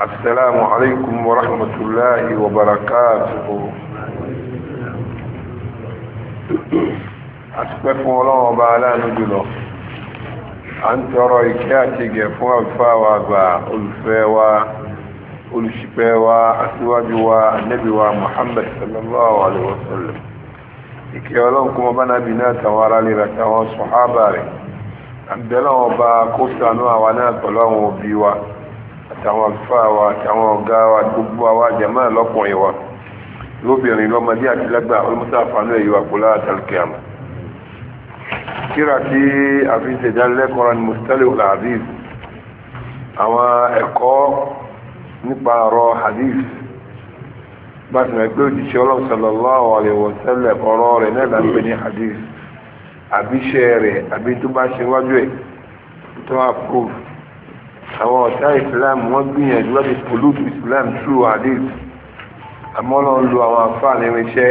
السلام عليكم ورحمة الله وبركاته أسبقوا الله وبعلا نجله أنت رأيكاتي جفوا الفاوى والفاوى والشفاوى أسواجوا النبي محمد صلى الله عليه وسلم ìkẹ́ ọlọ́run kó mọ bá nábì náà tàwọn ará lè ràtàwọn sọ̀hábà rẹ̀ àbẹ́lọ́wọ̀n bá àtàwọn àlùfáà wa àtàwọn ọ̀gá wa gbogbo àwa jàmáà lọ́kùnrin wa lóbìnrin lọ́mọdé àti lágbà ọlọ́mọdé àfààní ẹ̀yọ́ àpòlá àtàlùkẹ́ àmà kíra tí a fi ń ṣèdánilẹ́kọ̀ọ́ ni mustali al-hadith àwọn ẹ̀kọ́ nípa ọ̀rọ̀ hadith bá ti rẹ̀ pé òjíṣẹ́ ọlọ́run sallallahu alaihi wa sallam ọ̀rọ̀ rẹ̀ náà là ń pè àwọn ọ̀tá islam wọ́n gbìyànjú láti pollute islam through hadith àmọ́ ọlọ́run lo àwọn àfáà nínú iṣẹ́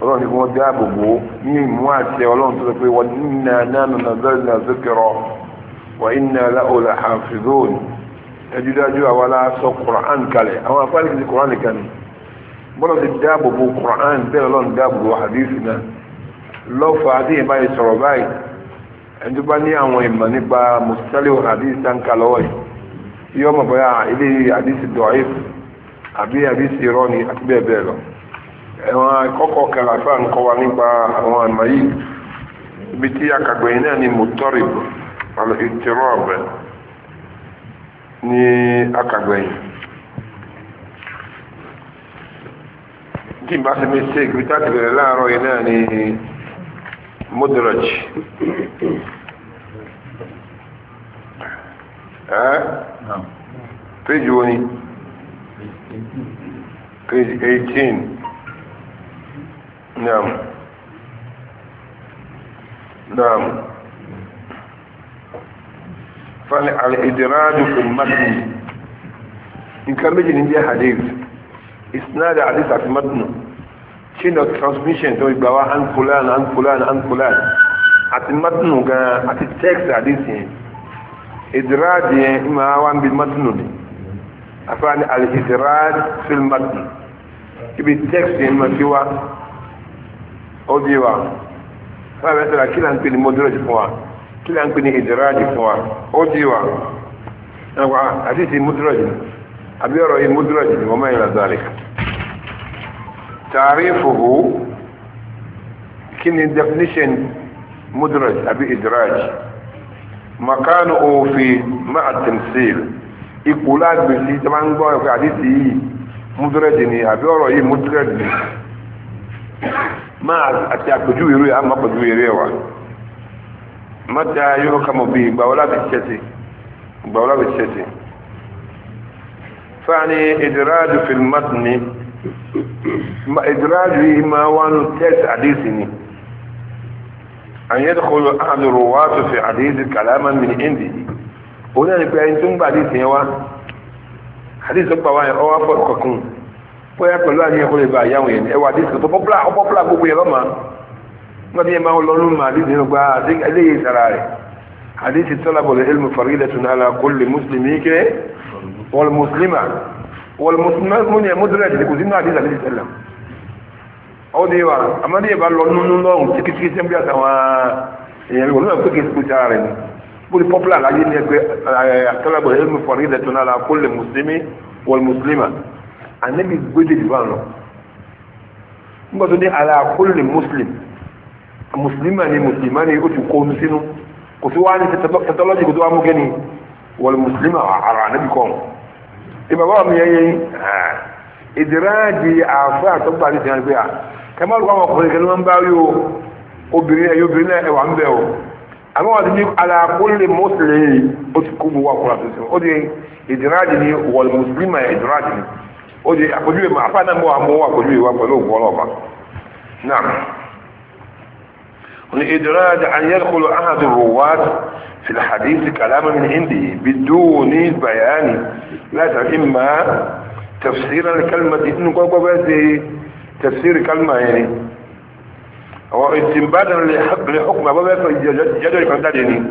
ọlọ́run ni wọ́n dáàbò bò ní ìmú àti ọlọ́run tó sọ pé wọ́n nínà nánà nàzọ́rì nà zókèrọ wà nínà láòlà hafizun dájúdájú àwọn aláṣọ quran kalẹ̀ àwọn àfáà nìkan ti quran nìkan ni bọ́lá ti dáàbò bò quran bẹ́ẹ̀ ọlọ́run dáàbò bò hadith náà lọ́fà àti ìbáyìí sọ̀rọ̀ báyìí ẹni bá ní àwọn ìmọ̀ nípa mùsùlùmí hadith sanka lọ́wọ́ yìí yọ mọ̀ bóyá ilé hadith da'if àbí hadith irọ́ ni àti bẹ́ẹ̀ bẹ́ẹ̀ lọ ẹ̀wọ̀n kọ́kọ́ kẹràfà ń kọ́ wa nípa àwọn àmà yìí ibi tí akàgbẹ̀ yìí náà ni mutarib àlọ́ ìtẹ̀rọ̀ ọ̀bẹ̀ ní akàgbẹ̀ yìí tí n bá ṣe mistake bí tá ti láàárọ̀ yìí náà ni mudraj ẹ́ péjì wo ni péjì 18 naam naam fali al-idraju fi al-matn in kan méjì ní jẹ́ hadith isnad hadith àti matn chain of transmission tó gbà wá an fulan an fulan an fulan àti matinu gan àti text àdísì yẹn ìdíraadì yẹn ìmọ̀ àwọn àbí matinu ni àfààní àlìdíraadì fil matinu ibi text yẹn ma fi wá ó di wa fún àbẹ̀ sọ̀rọ̀ kí là ń pè ní moderate fún wa kí là ń pè ní ìdíraadì fún wa ó di wa àti ti moderate àbí ọ̀rọ̀ yìí moderate ni wọ́n máa ń yàrá dáa lẹ́ka. تعريفه كن definition مدرج أبي إدراج مكانه في مع التمثيل إقولات بشي تمان قوة في حديثي مدرجني أبي أرى إيه مدرجني ما أتأكدوا يروي أما أكدوا يروي متى يحكم به بولا بالشتي بولا بالشتي فعني إدراج في المتن ìdírájú yìí máa wá ní tẹ́sì àdéhìsì ni an yadda kolo ahaduru wa su fi àdéhìsì kalaman min indi ó náà ní pé ẹni tó ń gba àdéhìsì yẹn wá àdéhìsì gbà wá yẹn ọwọ́ pọ̀ kọ̀kún bóyá pẹ̀lú àníyàn kó lè ba àyàwó yẹn ẹwà àdéhìsì tó pọ́pọ́lá ọpọ́pọ́lá gbogbo yẹn lọ́mà nígbà tí yẹn máa lọ lónìí máa àdéhìsì gba eléyìí sara rẹ̀ àdéhìsì tọ́lábọ̀lẹ̀ ilmu faridatun ala kulli muslimi kẹ́ wal muslima wọlùmọ̀tún ní ẹ̀mọ́dúnrẹ̀ ìdìbò sínú àdìsà lè sẹ́lẹ̀ ọdún ìwà àmọ́dé ìbá lọ nínú lọ́rùn tí kìí sẹ́mbí àtàwọn èèyàn ìwọ̀n náà pé kìí sẹ́mbí ara ni bóyá pọ́pùlà láyé ní ẹgbẹ́ àtàlágbọ̀ ẹ̀mí fọ̀rí ìdẹ̀tún náà kó lè mùsùlùmí wọlùmùsùlùmá ànẹ́bí gbédè ìbá lọ nígbà tó ní ara kó lè mùsùlùm mùsùlùmá ni mùsùlùmá ni ó ti kó onu sínú kò sí wá ní tẹtọlọ́jì kò tó wá mú kẹ́ni wọlùmùsùlùmá ara ànẹ́bí kọ́ ìbàbá mi yẹn yẹn ah. ìdíráàjì àfẹ́ àtọ́gbà ní ìdíráàjì pé à ah, kẹmọ́lù wọn ọkùnrin kẹlẹ́ wọn bá rí obìnrin ẹ̀yọ́ obìnrin ẹ̀wà ń bẹ̀ o àmọ́ ní alákólè mọ́sílẹ̀ ó ti àtúnṣe ó di ìdíráàjì mùsùlùmí ìdíráàjì ó di àmọ́ wa pẹ̀lú ìdíráàjì àyẹ̀kọ́lù في الحديث كلاما من عندي بدون بيان لا إما تفسير الكلمة إنه قوة تفسير كلمة يعني واستنبادا لحكم أبو بكر جدل كندادني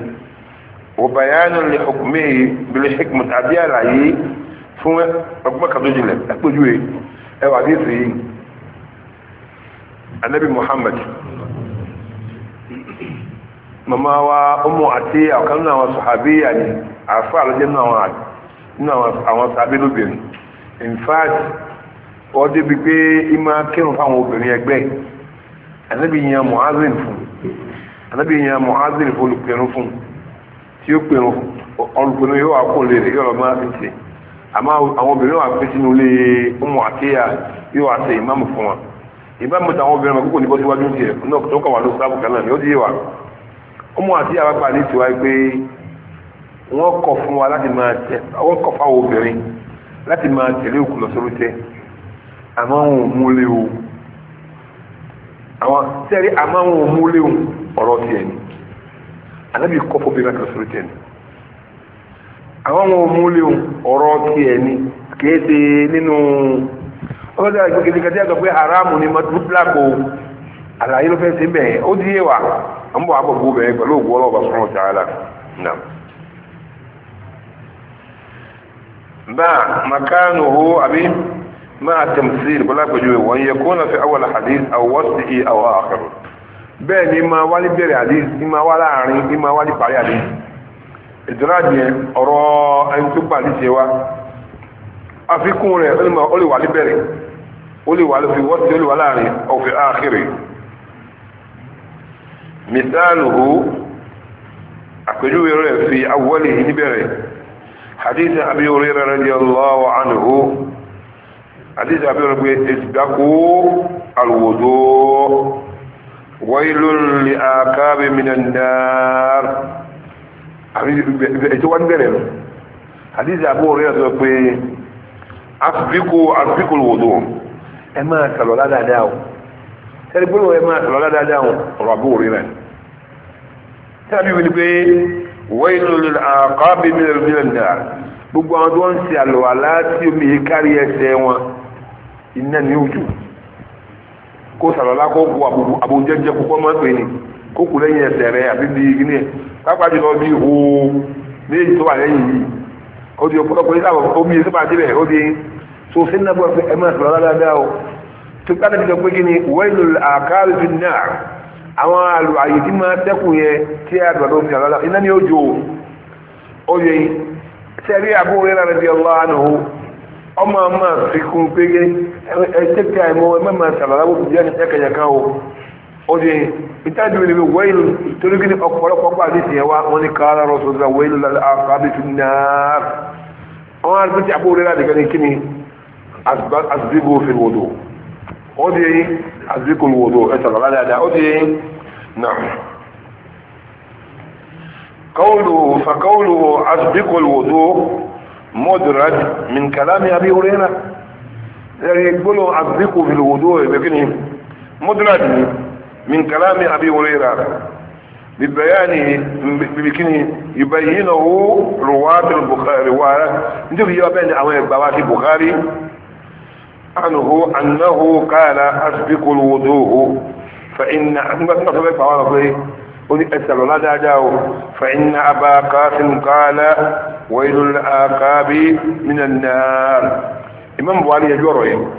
وبيانا لحكمه بالحكمة عبيال عيه فهو أبو بكر دجل أبو جوي أو عديث النبي محمد mama wa ọmọ àti ọ̀kan nínú àwọn ya ni àfáà ló jẹ́ nínú àwọn sàbí lóbìnrin in fact wọ́n bi pe ịma kírun fáwọn obìnrin ẹgbẹ́ anábì yan muhazin fún anábì yan muhazin fún olùpẹ̀rún fún tí ó yóò wà kó lè tì àwọn obìnrin wà ụmụ ati ya yóò wà tẹ fún obìnrin wọn kókò náà tó ọmọ àti àbábà ní tiwa pé wọ́n kọ̀ fún wa láti máa tẹ wọ́n kọ̀ fún àwọn obìnrin láti máa òkú lọ sórí tẹ àmọ́ wọn ò múlé o àwọn sẹ́rí àmọ́ wọn ò múlé o ọ̀rọ̀ tiẹ̀ ni ànábì kọ́ fún obìnrin láti o ni haramu ni mọ́tò bíláàkù àlàyé ló fẹ́ sí ń bọ̀ àbọ̀ bó bẹ̀rẹ̀ pẹ̀lú ògbó ọlọ́ọ̀bà sọ́nà ọ̀tà àlà nà. báà makánù hó àbí máa tẹ̀mísìlì bọ́lá pẹ̀lú ìwọ̀n yẹ kó náà fi awọ hadith àwọ̀ sí i àwọ̀ àkàrò bẹ́ẹ̀ ni máa wá ní bẹ̀rẹ̀ hadith ní máa wá láàrin ní máa wá ní parí hadith ìdúrádì yẹn ọ̀rọ̀ ẹni tó gbà níṣẹ́ wa àfikún rẹ̀ ó lè wà ní bẹ̀rẹ̀ ó lè wà lófi wọ́sí ó lè wà láàrin ọ̀fẹ́ àkàrò مثاله أكجوه في أوله نبره حديث أبي هريرة رضي الله عنه حديث أبي هريرة اسبقوا الوضوء ويل لآكاب من النار حديث أبو هريرة أسبقوا الوضوء أما كالولا دعوه sẹ́ni gbólóhùn ẹ̀ máa tọ̀lọ́ dáadáa wọn ọ̀rọ̀ àbúrò rí rẹ̀ sábì wí ni pé wọ́n yìí lórí àkọ́bí mi lórí mílíọ̀nù náà gbogbo àwọn tó ń ṣe àlùwàlá tí omi yìí kárí ẹsẹ̀ wọn iná ní ojú kó sàlọ́lá kó bu àbújẹ́jẹ́ máa pè ní kó lẹ́yìn ẹsẹ̀ rẹ̀ àbí bí igi ní pápá jùlọ bí hó méjì tó wà lẹ́yìn yìí ó di ọ̀pọ̀lọpọ̀ yìí sábà omi yìí sábà débẹ̀ ó di so sínú ẹgbẹ́ ẹ tó kádà nígbà pé kí ni wẹ́lù àkáàlù fi náà àwọn àlù àyè tí máa tẹ́kù yẹn tí a gbà tó fi àlọ́lá iná ni ó jò ó yẹ sẹ́rí àbúrò rẹ̀ rẹ̀ bí ọlọ́ àná o ọmọ ọmọ fi kún pé ẹ tẹ́kẹ̀ àìmọ́ ẹ mẹ́mà sàlọ́lá bó fi jẹ́ ní tẹ́kẹ̀yẹ kan o ó yẹ ìtàjú ìlú wẹ́lù torí kí ni ọ̀pọ̀lọpọ̀ pà ní tiẹ̀ wá wọn ni káàrà rọ̀ṣọ̀dá wẹ́lù àkáàlù fi náà àwọn àgbẹ̀tì àbúrò rẹ̀ rẹ̀ ó di eyín àzíkò wòdò ẹ̀sàlọ́ dáadáa ó di eyín náà kọ́wùlù fàkọ́wùlù àzíkò wòdò mọ́dúnrán min kàlámi àbí orílẹ̀ ẹ̀rí gbọ́nà àzíkò wòdò ẹ̀gbẹ́kíni مدرج من كلام أبي هريرة ببيانه بكنه يبينه رواة البخاري رواة نجيب يبين أو البواتي البخاري عنه أنه قال أسبق الوضوء فإن أسأل الله دعاه فإن أبا قاسم قال ويل الآقاب من النار إمام بوالي يجوره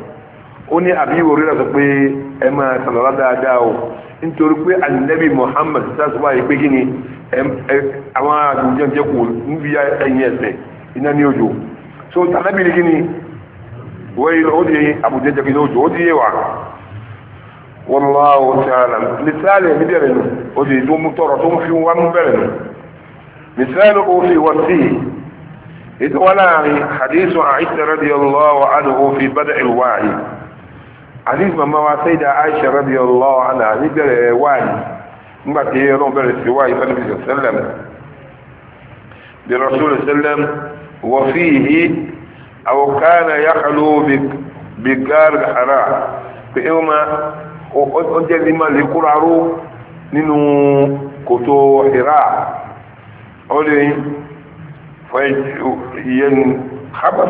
أني أبي ورينا سبي إما أسأل الله دعاه nítorí pé ànábì Muhammad sásùbà yìí pé kí ni àwọn àjòjẹ́ kò ń bí ẹ̀yìn ẹ̀sẹ̀ iná ní òjò so wai o de abu jaja ki dojo o de wa wallahu ta'ala misali mi dere no o de do mu toro to mu fi wa mu bere no misali o fi wasi ido wala ni hadithu aisha radiyallahu anhu fi bada' al-wa'i hadith mama wa sayyida aisha radiyallahu anha ni bere wa'i ngba ti ron bere si wa'i fa nabi sallallahu alaihi wasallam bi rasul sallam wa fihi أو كان يخلو بجار الحرام فإما أنت لما لقرارو ننو كتو حراء أولي فينخبط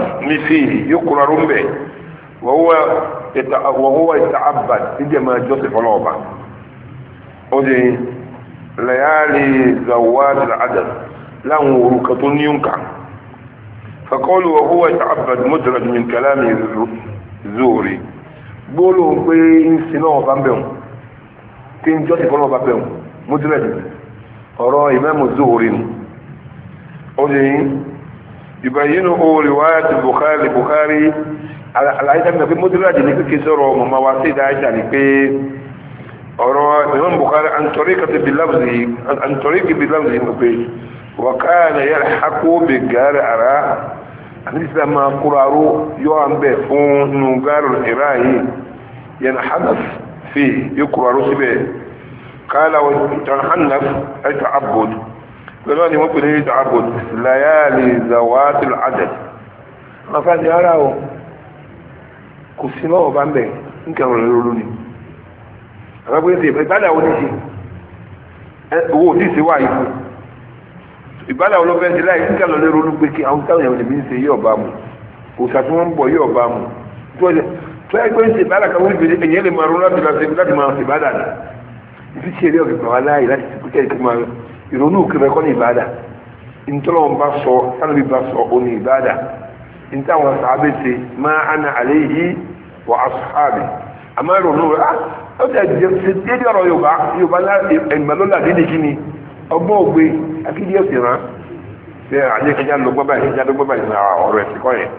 فيه يقرارو به وهو وهو يتعبد إنما جوزف لوبا أولي ليالي زوات العدد لا وركة ينكر فقوله وهو يتعبد مدرج من كلام الزوري بولو بين سنو بامبيون تين جوتي كولو بامبيون مدرج أرى إمام الزوري أولي يبينه رواية البخاري البخاري على عيسى بن في مدرج نكي سورو مواصيد عيسى نكي أرى إمام البخاري عن طريقة باللفظ عن طريق باللفظ وكان يلحق بالجارع àníṣà máa kúraró yọ́ à ń bẹ̀ fún nùgárù ìráyè yẹn hanaf fi yóò kúraró síbẹ̀ kálá ìtàn hanaf ẹ̀ta abod pẹ̀lú àni wọ́n pè ní ìtàn abod láyàlì zawatil adad mafa ni ara o kò sí lọ́wọ́ bá ń bẹ̀ ń kẹrù rẹ̀ lónìí àbábọ́ ìgbàdà wo ní ṣe owó òdìsí wà yìí ìbádà olófẹ́ ṣe láì níkà lọ́lẹ́ ronú pé kí àwọn táwọn èèyàn lè mí ṣe yí ọba mu òòṣà tí wọ́n ń bọ̀ yí ọba mu tó ẹ pé ń ṣe ìbádà kan wọ́n ti fi èèyàn lè máa ronú láti máa ṣe ìbádà ni ìfi ṣe eré ọ̀gbìn pàwọn aláì láti ṣe kúkẹ́ ìkú máa ìrònú kẹfẹ́ kọ́ ní ìbádà ìtọ́lọ́wọ́n bá sọ sálùbí bá sọ ó ní ìbádà ìtàwọn sàábẹ̀ ṣe máa ana àléyìí wà á sàábẹ̀ àmọ́ ìrònú rẹ̀ ah, á ó ti ẹ̀ ọgbọ́n ògbé akíndí ọ̀sẹ̀ rán ṣe àjẹ́ kẹjá lọ gbọ́ báyìí kẹjá lọ gbọ́ báyìí náà ọ̀rọ̀ ẹ̀sìn kọ́ yẹn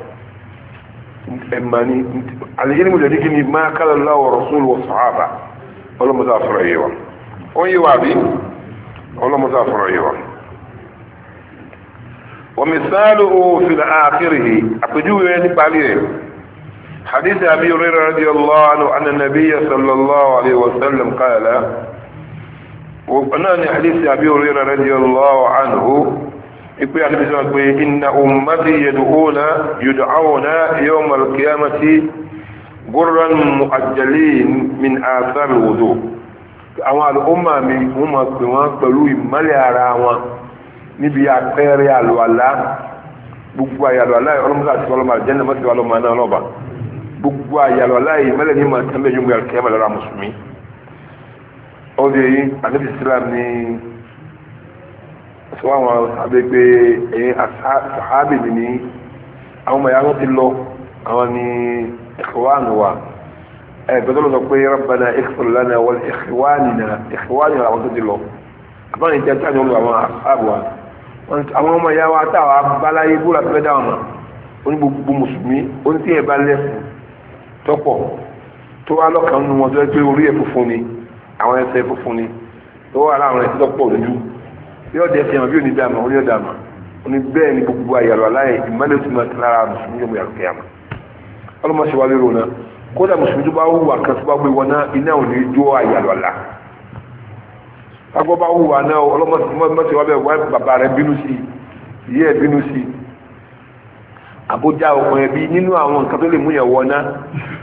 ẹ̀mà ni àlejò ní mo lè dí kí ni máa kálọ̀ láwọ̀ rọ̀sùn wọ̀ sàhábà ọlọ́mọdé àfọ̀rọ̀ yìí wa ó yé wa bí ọlọ́mọdé àfọ̀rọ̀ yìí wa. ومثاله في الآخره أبجوه نباليه حديث أبي هريرة رضي الله عنه أن النبي صلى الله عليه وسلم قال وقناني حديث أبي هريرة رضي الله عنه يقول عليه الصلاة إن أمتي يدعون يدعون يوم القيامة غرا مؤجلين من آثار الوضوء àwọn al'umma mi wọ́n ma pè wọ́n pẹ̀lú ìmọ́lẹ̀ ara wọn níbi àpẹẹrẹ àlùwàlá gbogbo àyàlùwàlá ọlọ́mọdé àti ọlọ́mọ àjẹ́nà mọ́síwá ọlọ́mọ náà lọ́ba gbogbo àyàlùwàlá ìmọ́lẹ̀ ní ma tẹ́lẹ̀ yóò gbé alkẹ́mọ̀ lára ọdún yìí àdébí islam ní sọ́wọ́n àbẹ́ pé ẹ̀yìn sàhábì mi ní àwọn ọmọ ìyá wọn ti lọ àwọn ní ìkọ̀wáànù wa ẹ̀ pẹ̀lú lọ́sọ pé rabbana ighfir lana wal ikhwanina ikhwanina àwọn tó ti lọ àbáwọn ìjà tí a ní olú àwọn àbò wa àwọn ọmọ ìyá wa abáláyé búra fẹ́ dáwọn mọ̀ onígbogbo mùsùlùmí oní tí ẹ̀ bá lẹ́sùn tọ́pọ̀ tó wá lọ́kàn nínú wọn tó yẹ àwọn ẹsẹ̀ funfun ni tó wà láwọn ẹsẹ̀ lọ́pọ̀ lójú yóò jẹ́ fi hàn bí òní dàmà òní dàmà òní bẹ́ẹ̀ ni gbogbo àyàrá aláyẹ ìmọ̀lẹ̀ tó máa tẹ̀lé ara mùsùlùmí yóò mú yàrá kẹyàmà ọlọ́mọṣẹ́ wa lérò náà kódà mùsùlùmí tó bá wùwà kan tó bá gbé wọn náà iná òní jó àyàrá àlá agbọ́ bá wùwà náà ọlọ́mọṣẹ́ wa bẹ́ẹ̀ wá bàbá rẹ̀ bínú sí ìyẹ́ ẹ̀ bínú sí àbójá ọkùnrin ẹbí nínú àwọn nǹkan tó lè mú yẹn wọ náà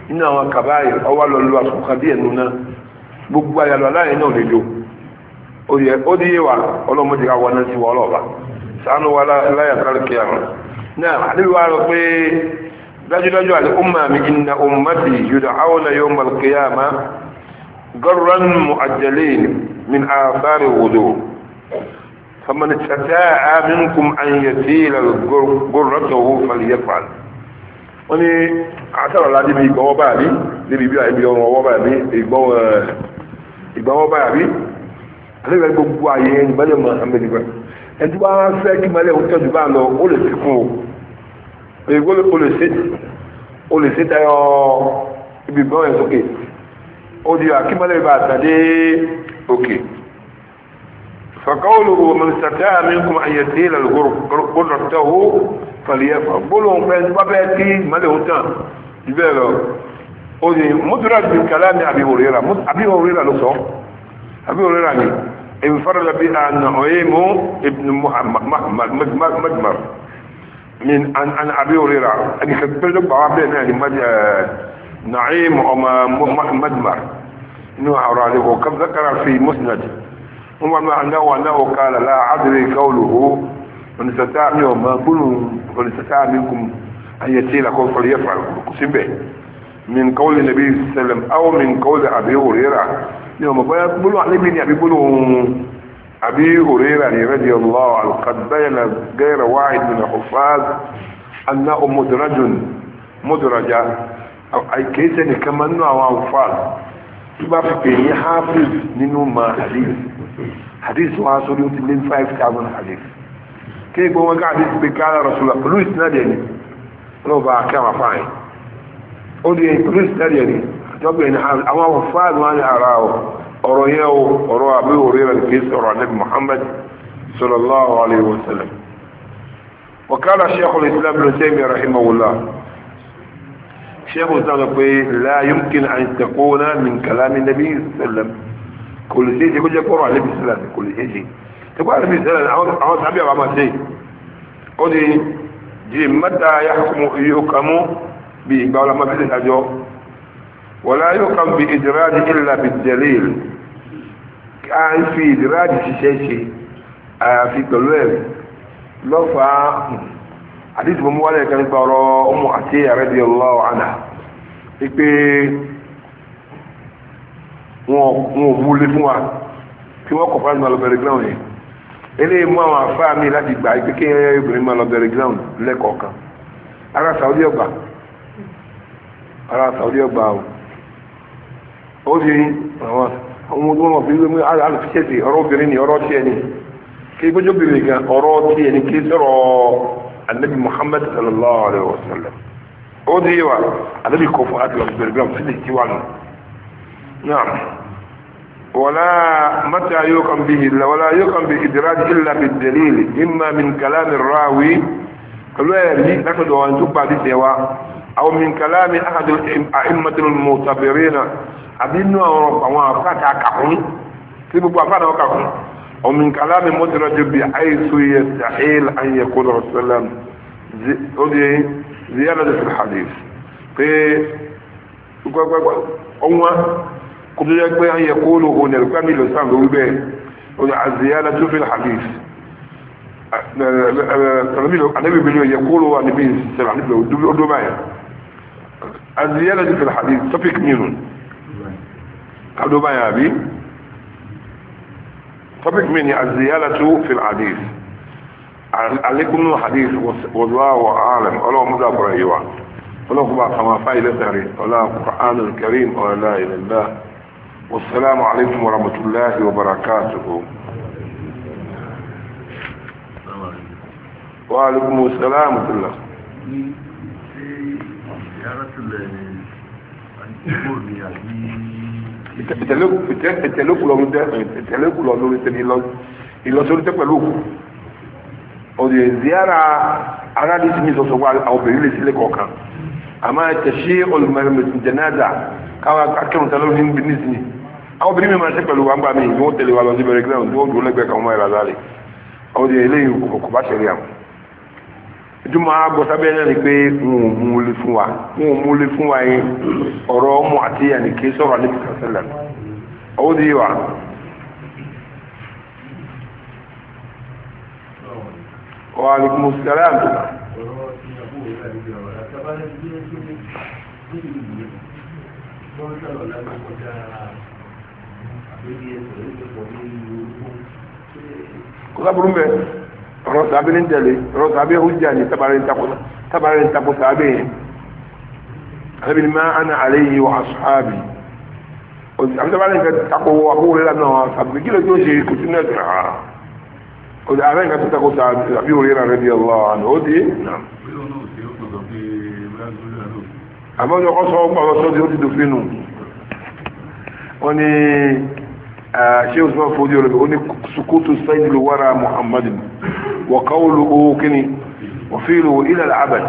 nínú àwọn kàbáyé ọwọ́ lọ́lọ́ àtúnkàn díẹ̀ nù náà gbogbo àyàlọ́ aláyẹ náà lè lò o di ye wa ọlọ́mọdé ká wọná sí wa ọlọ́ọ̀bá sànú wa láyà sáré ma àwọn ale bi wa ale umma mi inna ummati yóò àwọn na yóò mal kiyama garran min afari wudu faman tata'a minkum an yasila gurratahu falyafal wọ́n ní àtàrà láti bi ìgbàwọ́ báyà bí alẹ́gbẹ̀ẹ́ gbogbo ayé ìgbàlẹ̀ mọ̀ àmẹ́lẹ́gbẹ̀ ẹni tó bá ń fẹ́ kí malẹ̀ ó tẹ́jú bá lọ ó lè fikún o èyí ó lè ṣe tayọ ibi ìgbọ́n sókè ó di àkímọ́lẹ̀ bá àtàdé òkè فقوله من استطاع منكم أن يتيل الغرب قدرته فليفعل قولهم فإن بابتي ملهتان يبقى ó ní mudraj min kalami Abi Hurairah Abi Hurairah ló sọ Abi Hurairah ni انفرد بها نعيم ابن مجمر من عن عن ابي هريره ان كبل بابين يعني نعيم وما مجمر انه حراله وكم ذكر في مسند وما انه انه قال لا ادري قوله من استطاع منكم ما كل من استطاع منكم ان يسير قول فليفعل قسم به من قول النبي صلى الله عليه وسلم او من قول ابي هريره يوم بيقولوا عليه مين يعني بيقولوا ابي هريره رضي الله عنه قد بين غير واحد من الحفاظ انه مدرج مدرجة او اي كيس ان كمان او حفاظ تبقى في حافظ منه ما حديث حديث واصل يوتي 5000 حديث كيف هو قاعد يسبك على رسول الله فلوس نادي لو بقى ما فاهم ó di ìpínlẹ̀ ìtàlẹ̀ ni tọ́gbẹ̀ ní àwọn afọ́fáàdì wọn ni ara ọ̀rọ̀ yẹ́ o ọ̀rọ̀ àbí orí rẹ̀ kìí sọ̀rọ̀ ànábì muhammad sallallahu alayhi wa sallam وقال شيخ الإسلام ابن تيمية رحمه الله شيخ الإسلام يقول لا يمكن أن تكون من كلام النبي صلى الله عليه وسلم كل شيء يقول لك قرآن النبي صلى الله عليه وسلم كل شيء تقول النبي صلى الله عليه وسلم أعوذ أبي أبعما شيء قل متى يحكم يحكم bí ìgbà ọlọ́mọ bí ìdájọ́ wọ̀lá yóò kàn bí ìdíráàdì ìlà bí dẹ̀lẹ́l a ń fi ìdíráàdì ṣiṣẹ́ ṣe àyàfi pẹ̀lú ẹ̀ lọ́fàá àdìsí mọ́mú wálé kan nípa ọ̀rọ̀ ọmọ àti ẹ̀rẹ́ di ọlọ́wọ́ àná wípé wọn ò wúlé fún wa kí wọ́n kọ̀ fáwọn ọlọ́bẹ̀rẹ̀ ground yẹn eléyìí mú àwọn àfáà mi láti gbà pé obìnrin máa bẹ̀rẹ̀ ground lẹ́kọ̀ọ̀kan ara sàwọ́dí ọgbà ara saudi ọgbà o ó di àwọn ọmọ tó mọ̀ bíi wíwí alùpùpù ọ̀rọ̀ obìnrin ni ọ̀rọ̀ tiẹ̀ ni kí gbójú obìnrin gan ọ̀rọ̀ tiẹ̀ ni kí sọ̀rọ̀ anabi muhammad sallallahu alayhi wa sallam ó di wa anabi kọ fún adìyẹ ọ̀gbẹ̀rẹ̀ bí wọn lè ti wà nù. ولا متى يقم به ولا يقم بإدراج إلا بالدليل إما من كلام الراوي قالوا يا لي نقدر أن تبع دي أو من كلام أحد الأئمة المعتبرين أبين رب وافاتا كحن سيبوا وافاتا كحن أو من كلام مدرج بحيث يستحيل أن يكون رسول الله زيادة في الحديث في أمة كنت يقول أن يقوله نلقاني لسان ذوبه الزيادة في الحديث النبي يقول النبي صلى الله عليه وسلم الزيادة في الحديث تفك منون قالوا بايا يا أبي تفك مني الزيادة في الحديث عليكم من الحديث والله أعلم ولا مذاب رأيوا ولا خبا كما فائدة تاريخ ولا القرآن الكريم ولا لا إلا الله والسلام عليكم ورحمة الله وبركاته وعليكم السلام ورحمة الله ìtẹ̀lẹ́kùlọ lórí tẹ̀lé ìlọsọ́lítẹ́ pẹ̀lú òkú ọdún ìzíára aráàlú ti ní sọ̀sọ̀ wá obìnrin lè sílẹ̀ kọ̀ọ̀kan àmọ́ ẹ̀tẹ̀ṣí olùmọ̀rẹ̀mẹ̀sìn jẹ̀náàdà káwọn akẹ́rùn tẹ́lọ́ ní bí nísìnyí àwọn obìnrin mi máa ṣe pẹ̀lú wàǹgbà mi ìgbọ́n tẹ̀lé wa lọ sí bẹ̀rẹ̀ gíláwọ̀n tó dúró lẹ́gbẹ̀ẹ́ kan mọ́ ẹ̀rọ ìtumọ̀ agbọ̀sábẹ́ náà ni pé wọn ò mú olè fún wa wọn ò mú olè fún wa yẹn ọ̀rọ̀ ọmọ àti ànìké sọ̀rọ̀ àlebi kàṣẹ́lẹ̀ ọwọ́ di wa. wa alaikum salaam. kọ́lá burú bẹ́ẹ̀ ọ̀rọ̀ sàbẹ̀ ní tẹ̀lé ọ̀rọ̀ sàbẹ̀ hujja ní tabarin tako sàbẹ̀ yẹn alẹ́bìnrin máa ana alayhi wa ashabi àbí tabarin ka tako wọ àkókò rẹ̀ lánàá wa sàbẹ̀ kí ló tí ó ṣe kò sí nẹ́ẹ̀tì rà ó di àbẹ̀ nǹkan tó tako sàbẹ̀ òrìrì rẹ̀ radiyallahu anhu ó di nà àmọ́ ọjọ́ kọ́sọ́ ọgbà ọlọ́sọ́ tí ó ti dòfin nù wọ́n ni ṣé òṣùwọ̀n fojú rẹ̀ ó ní sukutu sayyidu wara muhammadin وقوله كني وفيله إلى العبد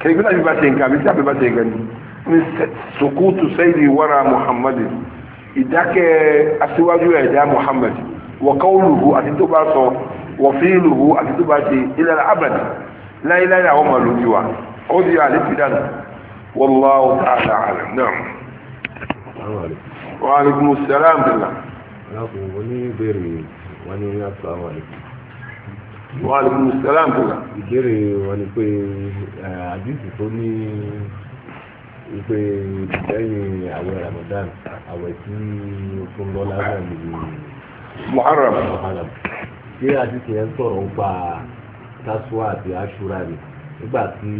كي يقول أبي باتين كابي سابي باتين كني من سقوط سيدي وراء محمد إذاك أسواج إذا محمد وقوله أتدو باسو وفيله أتدو باتي إلى العبد لا إله إلا هو ملوكيوا أودي على الابتدان والله تعالى أعلم نعم وعليكم السلام بالله وني بيرمي وني السلام عليكم wà lè tó ìbéèrè wọn ni pé àdìsí tó ní wípé lẹ́yìn àwẹ̀ Ramadan àwẹ̀ tí fún lọ́lá náà ni Muharram Muharram ṣé àdìsí yẹn sọ̀rọ̀ ń pa tásùwà àti nígbà tí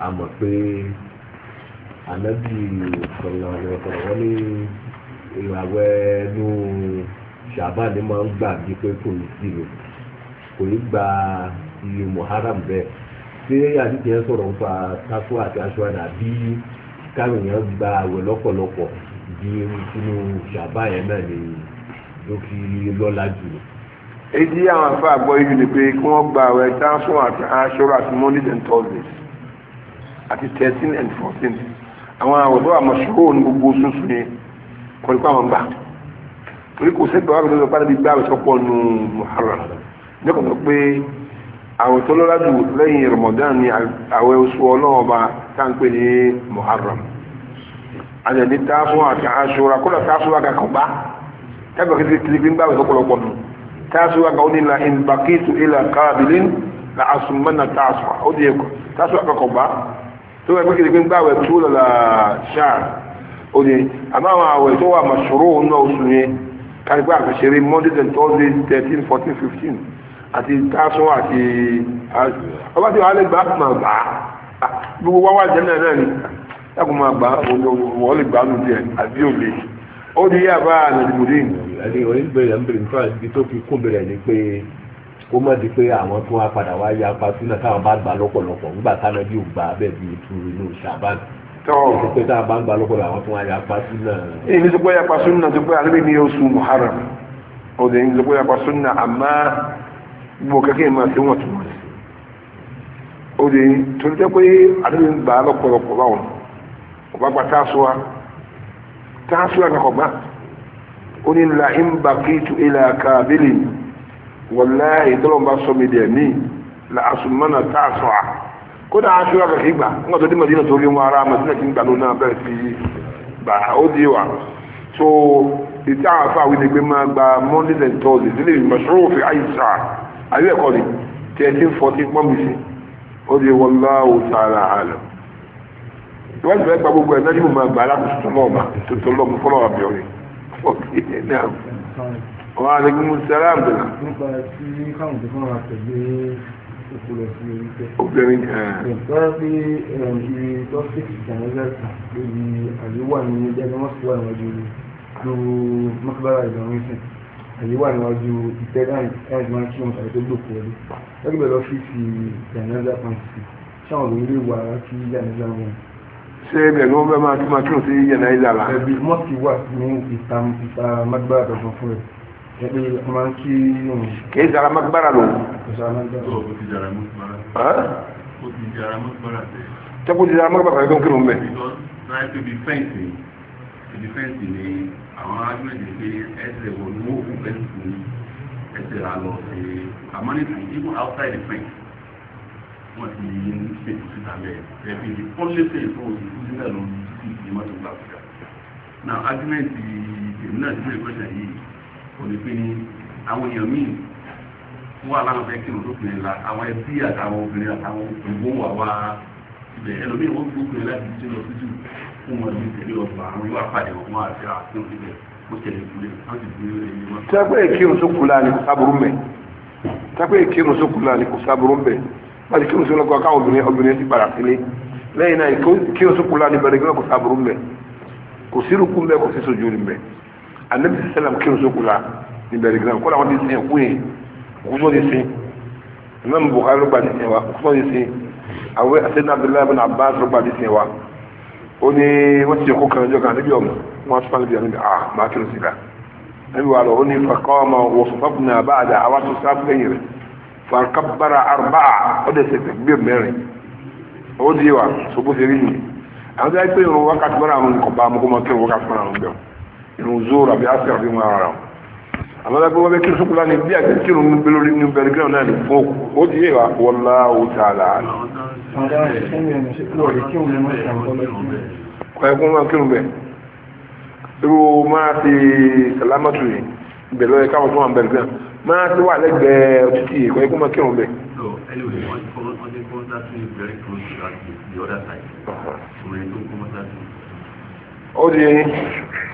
a mọ̀ pé ànábì sọ̀rọ̀ ọ̀rọ̀ wọn ni máa ń gbà bí pé kò ní sí mi. kò ní gba iye muharram bẹ́ẹ̀ ṣé àdìsí yẹn sọ̀rọ̀ nípa tako àti aṣọ́ra bí káwọn èèyàn gba àwẹ̀ lọ́pọ̀lọpọ̀ bí sínú ṣàbá yẹn náà ni ló fi lọ́la jù. èyí àwọn àfa àgbọ̀ yìí ni pé kí wọ́n gba àwẹ̀ tako àti aṣọ́ra àti monday and thursdays àti thirteen and fourteen àwọn àwẹ̀ tó wà mọ̀ ṣòro ní gbogbo sunsun ni kọ́ni kó àwọn gbà torí kò sẹ́gbẹ̀ẹ́ wà lọ́dọ̀ pàdé gbà àwẹ̀ tó nù muharram nípasẹ̀ pé àwẹ̀ tó lọ́lá jù lẹ́yìn Ramadan ni àwẹ̀ oṣù ọlọ́ọ̀ba tá à ń pè ní Muharram àjẹ̀dí táàfún àti aṣọra kódà táàfún àga kan bá tábà kí tìlígbín gbàwẹ̀ lọ́pọ̀lọpọ̀ nù táàfún àga ó ní la ìbàkítù ilà káàbìlín la àsùnmọ́nà táàfún ó di ẹ̀kọ́ táàfún àga kan bá tó wà pé tìlígbín gbàwẹ̀ tó lọ́la ṣáà ó di àmọ́ àwọn àwẹ̀ tó wà màṣúrò náà oṣù yẹn kárí pé àfẹsẹ̀rẹ̀ Monday and Thursday thirteen fourteen fifteen àti káṣọ àti ọba tí wàá lè gbà máa gbà á gbogbo wá wà jẹ́ náà náà ni lákò máa gbà á wọ́n lè gbà á lóde ẹ̀ àbí òde ó di yá bá nàìjíríà. ẹni oníbẹ̀rẹ̀ ń bèrè nípa ibi tó fi kún bẹ̀rẹ̀ ni pé kó má di pé àwọn tó wá padà wá yá apá sínú táwọn bá gbà lọ́pọ̀lọpọ̀ nígbà táwọn yóò gbà á bẹ́ẹ̀ bí ètò inú ṣàbánu tọ́ a bá ń gba lọ́kọ̀ọ́ àwọn tó wá ya pa súnà. èyí ní sọ pé ya pa súnà tó pé gbogbo kẹ́kẹ́ máa tí wọ́n tún wọ́n ó di tó ń pé àdéhùn gbà á lọ́pọ̀lọpọ̀ báwọn kò bá gba táṣúwa táṣúwa kan kò gbà ní la ba ilà kábílì wàláhì tọ́lọ́ bá sọ mi dẹ̀ mí la àsùnmọ́nà táṣúwa kódà aṣúwa kan kì í gbà tó Madina tó rí wọn ara Madina di wa so ìta àfa àwọn ìdègbè máa gba Monday and Thursday fi àbí ẹ̀kọ́ ni thirteen fourteen pọ́n bìsí ó di wallahu ta'ala alam ìwádìí fẹ́ gba gbogbo ẹ̀ náà yóò máa gbà alákòóso náà mà tuntun lọ́mú fọlọ́ àbí ọ̀rẹ́ fọ́ọ̀kì ẹ̀ náà wà á lè mú sẹ́lá àbẹ̀là. nípa tí káwọn tó fọ́nra tẹ̀lé òkú lọ sí orí tẹ. obìnrin ẹ̀. lọ́wọ́ pé ibi tọ́síkì àyè wà níwájú ìtẹ́ láì máa kí wọn tàbí tó gbòkó ẹlú lọ́gbẹ̀ lọ fi fi jàǹdà pàǹtì sí sáwọn òun lè wà kí jàǹdà wọn. ṣé ẹbẹ̀ ló ń bẹ́ máa kí máa kí wọn sí jàǹdà là. ẹbí mọ́ọ̀kì wà ní ìta ìta mágbára tuntun fún ẹ ẹbí máa ń kí wọn. kì í sara mágbára lò. kì í sara mágbára lò. ó ti jara mágbára. ó ti jara mágbára tẹ. tẹ́kù ti jara mágbára tẹ àwọn agbègbè pé ẹsẹ̀ wo ni wọ́n kú bẹ́ẹ̀ fún mi ẹsẹ̀ rà lọ sí àmọ́ ní fún even outside the fence wọ́n ti yí ní fèsì síta bẹ́ẹ̀ ẹbí ní only fèsì tó ti kú sílẹ̀ lọ sí ní mọ́tò gbà fúdà. now argument èmi náà ti bẹ̀rẹ̀ pẹ̀sẹ̀ yìí kò ní pé ní àwọn èèyàn míì wọ́n wà láwọn fẹ́ kí ló lóbìnrin la àwọn ẹbí àtàwọn obìnrin àtàwọn ògbó wà wá ibẹ̀ ẹlòmíì wọ́n gbókùnrin fún wọn ní ìpínlẹ̀ ọgbà àwọn ìwà pàdé ọgbọ́n àti àfihàn ìbẹ̀ ó tẹ̀lé ìpínlẹ̀ wọn sì bí ó lè ní wọn. tẹ́pẹ́ ìkírun tó kù láàrin kò sábúrú mẹ́ tẹ́pẹ́ ìkírun tó kù láàrin kò sábúrú mẹ́ láti kírun tó lọ́kọ̀ káwọn obìnrin obìnrin ti padà sílé lẹ́yìn náà kírun tó kù láàrin bẹ̀rẹ̀ kò sábúrú mẹ́ kò sí rúkú mẹ́ kò sí sojú rí mẹ́ anabi sẹlẹm kírun tó kù lá ní bẹ̀rẹ̀ gíran ti sìn ẹ̀kú yẹn kúsọ́ ti sìn àwọn ẹ̀sẹ̀ náà bin Abbas ló ti sìn wa. ó ní wọ́n ti kó kan ẹjọ́ kan níbi ọ̀nà wọ́n tún níbi ọ̀nà à máa kí ló sì dá níbi wà lọ ó ní fakọ́ ọmọ wọ fọ́fọ́fún náà bá àdá àwọn tó sáfù lẹ́yìn rẹ̀ fàkàbàrà àrùbá ó dẹ̀ sẹ̀sẹ̀ gbé mẹ́rin ó di wa rí àwọn tó yà pé wákàtí mọ́ra àwọn kí àwọn àmọ́ lápẹ́ wọ́n bẹ́ kí sókùlá ní bí àti kírun ní belórí ní belgrade náà ní fún ó ti yé wa wọlá ó ta àlà. kọ́ẹ̀kún máa kírun bẹ̀ irú máa ti sàlámàtù yìí bẹ̀lọ́ ẹ̀ káwọn tó wà belgrade máa ti wà lẹ́gbẹ̀ẹ́ títì yìí kọ́ẹ̀kún máa kírun bẹ̀. Uh-huh. ó di eyín.